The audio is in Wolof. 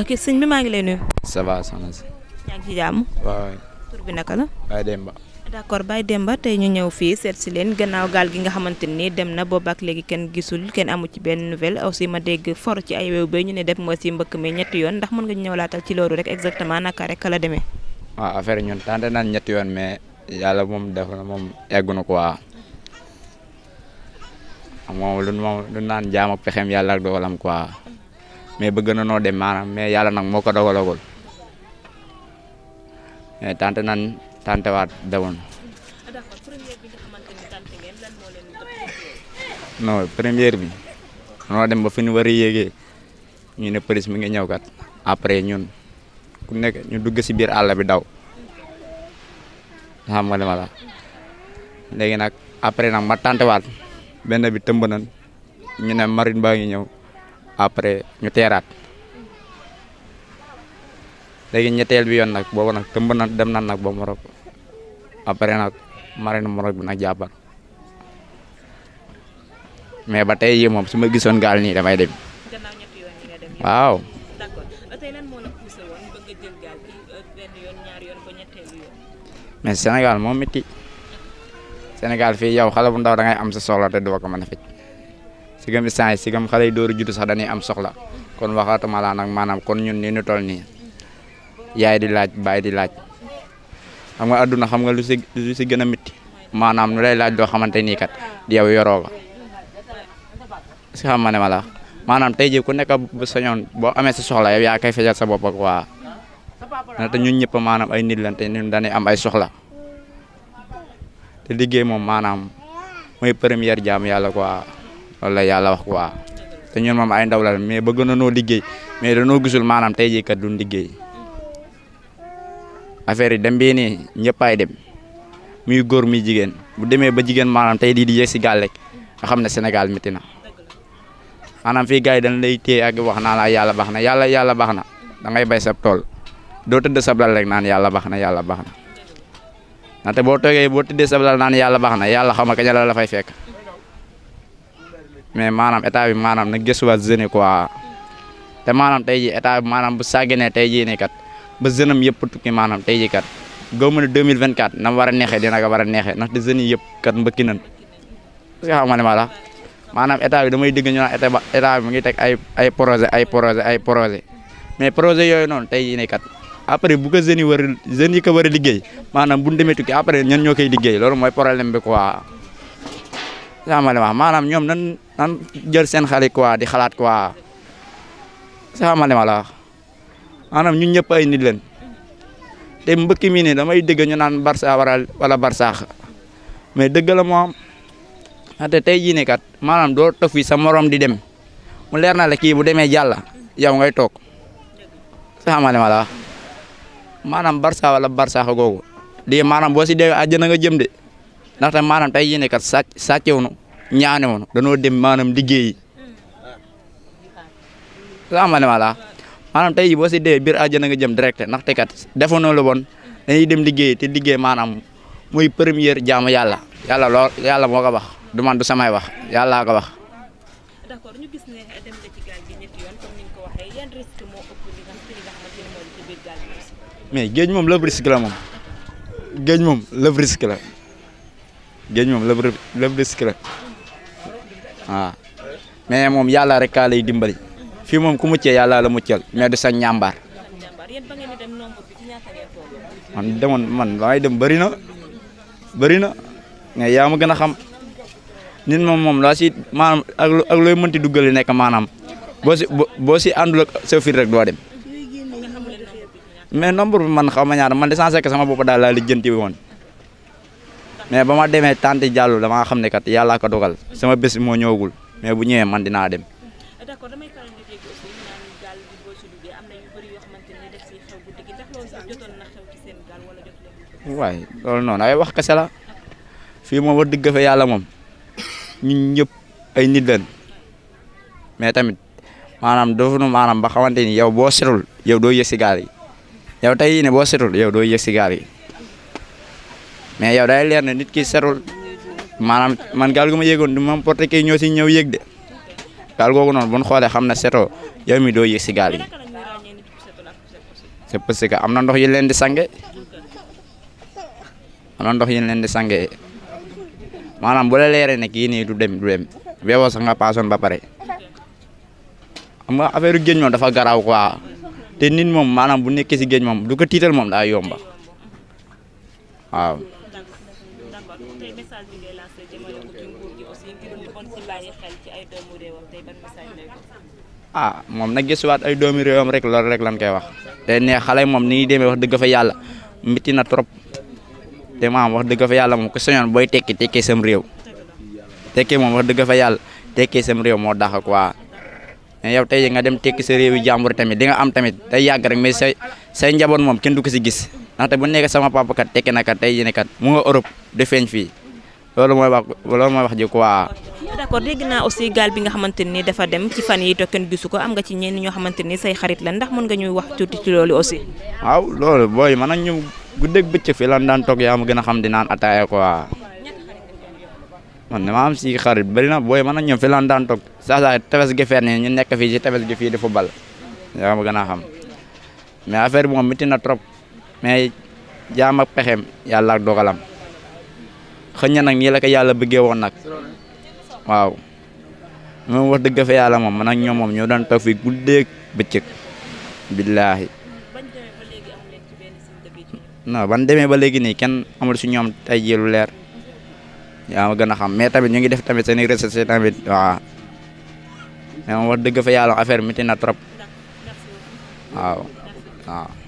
ok sëñ bi maa ngi lay nuyu. ça va soxna si. yaa ngi ci jàmm. waaw tur bi naka la. Baye Demba. d'accord Baye Demba tey ñu ñëw fii seet si leen gannaaw gaal gi nga xamante ni dem na boobaak léegi kenn gisul kenn amu ci benn nouvelle aussi ma dégg for ci ay wew ba ñu ne def moo si mbëkk mi ñetti yoon ndax mën nga ñu ñëwlaatal ci loolu rek exactement naka rek la demee. waaw affaire ñun tànte naan ñett yoon mais yàlla moom def na moom eggu na ko moom lu moom lu naan jaam ak yàlla ak doolam mais bëgg na noo dem mais yàlla nag moo ko dogalagul mais tante nan tante waat demoon. non première bi noo dem ba fi ñu war a yéegee ñu ne police mi ngi ñëw kat après ñun ku nekk ñu dugg si biir àll bi daw xam nga li ma la léegi nag après nag ma tante waat benn bi tëmb nañ ñu ne marine baa ngi ñëw. après ñu teeraat léegi ñetteel bi yoon nag boobu nag tëmb na dem nan nag ba Maroc après nag marine Maroc bi nag jàppal mais ba tey yi moom su ma gisoon gaal nii damay dem waaw. Euh, mais Sénégal moom métti Sénégal fii yow xale bu ndaw da ngay am sa soxla te doo ko mën sigam isaan yi sigam xale yi dooru jutu sax dañuy am soxla kon waxatuma laa nag maanaam kon ñun ni ñu toll di laaj baay di laaj xam nga àdduna xam nga lu si lu si gën a métti maanaam nu laaj loo xamante nii kat yow yoroo ko si xam ma ne ma la maanaam tey jii ku nekk bu sañoon boo amee sa soxla yow yaa koy fajal sa bopp ak waa te ñun ñëpp maanaam ay nit lan te ñun dañuy am ay soxla te liggéey moom maanaam mooy première jaam yàlla quoi. loolu la yàlla wax quoi te ñun moom ay ndaw la mais bëgg na noo liggéey mais danoo gisul maanaam tey jii kat duñ liggéey affaire yi dem bii nii ñëppaay dem mu góor muy jigéen bu demee ba jigéen maanaam tey di di yegg si gaal rek nga xam ne Sénégal mitti na maanaam fii gars yi dañ lay téye ak wax naa la yàlla baax na yàlla yàlla baax na da ngay bay sa tool doo tëdd sablal rek naan yàlla baax na yàlla baax na ndaxte boo toogee boo tëddee sablal naan yàlla baax na yàlla xam nga kañ la la fay fekk. mais maanaam état bi maanaam na gëstuwaat jeune quoi te maanaam tey jii état bi maanaam bu sàgginee tey jii nii kat ba jeune yëpp tukki maanaam tey jii kat gëw ma ne 2024 na war a dina ko war a neexee ndax te jeunes yëpp kat mbëkki nañ parce que xam nga ne ma la maanaam état bi damay dégg ñu naan état mu ngi teg ay ay projet ay projet ay projet mais projet yooyu noonu tey jii nii kat après bu ko jeunes yi war a liggéey maanaam bu ñu demee tukki après ñan ñoo koy liggéey loolu mooy problème bi quoi. saa ma la wax maanaam ñoom nan nan jël seen xel yi di xalaat quoi saa ma la wax maanaam ñun ñëpp ay nit leen te mbëkk mi ne damay dégg ñu naan Barça waral wala Barsaax mais dëgg la moo am tey jii ne kat maanaam doo toog fii sa morom di dem mu leer na la kii bu demee jàlla yow ngay toog saa ma la wax maanaam wala Barsaax googu lii maanaam boo si dee àjjana nga jëm de ndaxte maanaam tey kat sàcc sàccewu nu ñaane woon danoo dem maanaam liggéeyi la ma ne voilà maanaam tey jii boo si dee biir àjjana nga jëm direct ndaxte kat defoonoo lu bon dañuy dem liggéey te liggéey maanam muy première jaamu yàlla yàlla lool yàlla moo ko wax du man du samay wax yàllaa ko wax. d'accord ñu gis ne dem na ci mais géej moom lépp risque moom géej moom lépp risque la géej moom lépp waaw ah. mais moom yàlla rek kaa dimbali fii moom ku muccee yàlla la muccal mais du sa ñàmbaar. man demoon man damay dem bëri na bëri na mais yaa ma gën a xam nit moom moom laa si maanaam ak ak looy mënti duggali nekk maanaam boo si boo si àndul ak sa fit rek doo dem mais nombre bi man xaw ma ñaar man de sensé que sama bopp daal laa lijjanti woon. mais ba ma demee tanti Diallo damaa xam ne kat yàllaa ko dogal sama bés moo ñëwagul mais bu ñëwee man dinaa dem. loolu sax jotoon waaye loolu noonu ay wax kese la fii moom war dëgg fa yàlla moom ñu ñëpp ay nit mais tamit maanaam dofunu maanaam ba xawante ni yow boo setul yow doo yëg si gaal yi yow tey ne boo setul yow doo yëg si gaal yi. mais yow day leer na nit ki setul maanaam man gaal gu ma yéegoon du ma porté kii ñoo si ñëw yéeg de gaal googu noonu bu ñu xoolee xam ne setoo yow mi doo yéeg si gaal yi c'est parce que am na ndox yi leen di sange am na ndox yi leen di sange maanaam bu la leeree ne kii nii du dem du dem beewoo sax nga paasoon ba pare xam nga affaire géej moom dafa garaaw quoi te nit moom maanaam bu nekkee si géej moom du ko tiital moom daa yomba waaw tey message bi ngay ay doomu réewam ah, moom nag gisuwaat ay doomu réewam rek loolu rek lan koy wax. te ne xale moom ni ñuy demee wax dëgg fa yàlla métti na trop te maam wax dëgg fa yàlla moom ku soñoon booy tekki tekkee sam réew. tekki moom wax dëgg fa yàlla tekkee sam réew moo dàq waa mais yow tey nga dem tekki sa réew yi jàmbur tamit di nga am tamit day yàgg rek mais say say njaboot moom kenn du ko si gis. ndaxte bu nekkee sama papa kat tekki na kat tey jii ne kat mu nga Europe de feeñ fii loolu mooy wax loolu mooy wax ji quoi. d'accord dégg naa aussi gaal bi nga xamante nii dafa dem ci fan yi te kenn gisu ko am nga ci ñenn ñoo xamante ni say xarit la ndax mën nga ñuy wax tuuti ci loolu aussi. waaw loolu booy mën nañ ñu guddeeg bëccëg fi lan daan toog yaa ma gën a xam di naan ataaya quoi man dama am si xarit bëri na booy mën a ñëw fi lan daan toog saa saa tefes gi fer ne ñu nekk fii si tefes gi fii di football yaa a xam mais affaire na trop. mais jaam ak pexeem yàlla dogalam xëñ na nag nii la yàlla bëggee woon nag waaw moom wax dëgg fa yàlla moom man ak ñoom moom ñoo doon toog fii guddeeg bëccëg billaahi non ban demee ba léegi nii kenn amul si ñoom tey jii lu leer yaa ma gën a xam mais tamit ñu ngi def tamit seen i recherche tamit waaw mais dëgg fa yàlla affaire miti na trop waaw waaw